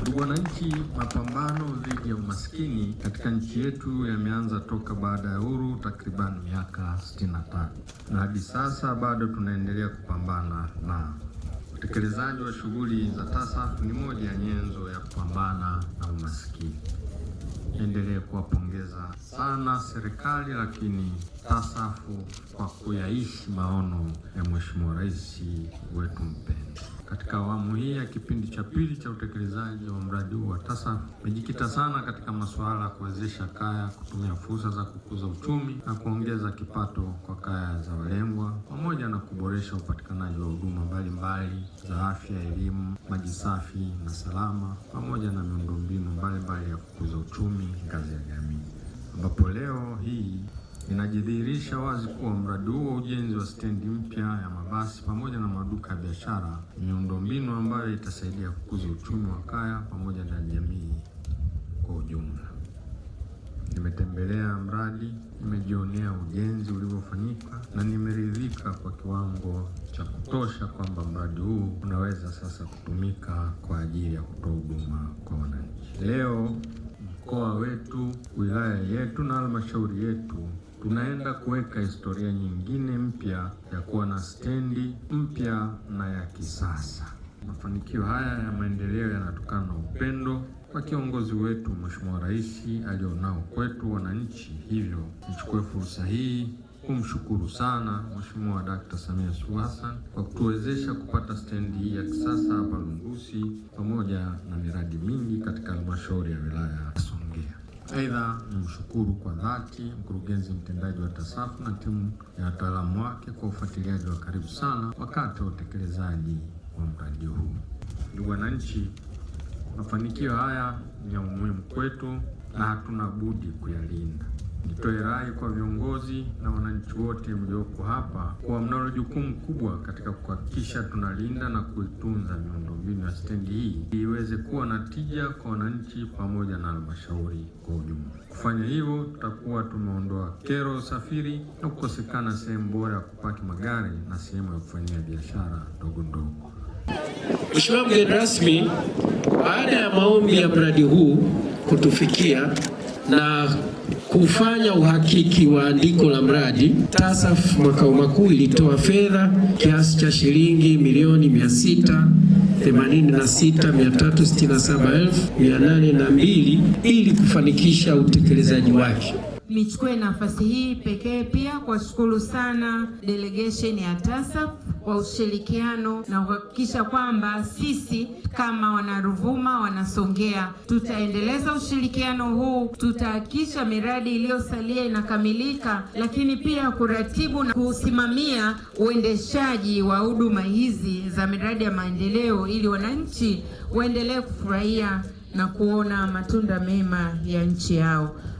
Ndugu wananchi, mapambano dhidi ya umaskini katika nchi yetu yameanza toka baada ya uhuru takriban miaka 65 na hadi sasa bado tunaendelea kupambana na utekelezaji wa shughuli za TASAF ni moja ya nyenzo ya kupambana na umaskini niendelee kuwapongeza sana serikali, lakini tasafu kwa kuyaishi maono ya Mheshimiwa Rais wetu mpendwa. Katika awamu hii ya kipindi cha pili cha utekelezaji wa mradi huu wa TASAF imejikita sana katika masuala ya kuwezesha kaya kutumia fursa za kukuza uchumi na kuongeza kipato kwa kaya za walengwa pamoja na kuboresha upatikanaji wa huduma mbalimbali za afya, elimu, maji safi na salama pamoja na miundombinu mbalimbali ya kukuza uchumi ngazi ya jamii, ambapo leo hii inajidhihirisha wazi kuwa mradi huo ujenzi wa stendi mpya ya mabasi pamoja na maduka ya biashara, miundombinu ambayo itasaidia kukuza uchumi wa kaya pamoja na jamii kwa ujumla. Nimetembelea mradi, nimejionea ujenzi ulivyofanyika na nimeridhika kwa kiwango cha kutosha kwamba mradi huu unaweza sasa kutumika kwa ajili ya kutoa huduma kwa wananchi. Leo wilaya yetu na halmashauri yetu tunaenda kuweka historia nyingine mpya ya kuwa na stendi mpya na ya kisasa. Mafanikio haya ya maendeleo yanatokana na upendo kwa kiongozi wetu Mheshimiwa Rais alionao kwetu wananchi. Hivyo nichukue fursa hii kumshukuru sana Mheshimiwa Dkt. Samia Suluhu Hassan kwa kutuwezesha kupata stendi hii ya kisasa hapa Lundusi pamoja na miradi mingi katika halmashauri ya wilaya. Aidha, nimshukuru kwa dhati mkurugenzi mtendaji wa TASAF na timu ya wataalamu wake kwa ufuatiliaji wa karibu sana wakati wa utekelezaji wa mradi huu. Ndugu wananchi, mafanikio haya ni ya umuhimu kwetu na hatuna budi kuyalinda nitoe rai kwa viongozi na wananchi wote mlioko hapa kuwa mnalo jukumu kubwa katika kuhakikisha tunalinda na kuitunza miundombinu ya stendi hii iweze kuwa na tija kwa wananchi pamoja na halmashauri kwa ujumla. Kufanya hivyo, tutakuwa tumeondoa kero usafiri na kukosekana sehemu bora ya kupaki magari na sehemu ya kufanyia biashara ndogo ndogo. Mheshimiwa mgeni rasmi, baada ya maombi ya mradi huu kutufikia na kufanya uhakiki wa andiko la mradi, TASAF makao makuu ilitoa fedha kiasi cha shilingi milioni 686,367,802 ili kufanikisha utekelezaji wake. Nichukue nafasi hii pekee pia kuwashukuru sana delegation ya TASAF kwa ushirikiano na kuhakikisha kwamba sisi kama wanaruvuma wanasongea, tutaendeleza ushirikiano huu, tutahakikisha miradi iliyosalia inakamilika, lakini pia kuratibu na kusimamia uendeshaji wa huduma hizi za miradi ya maendeleo ili wananchi waendelee kufurahia na kuona matunda mema ya nchi yao.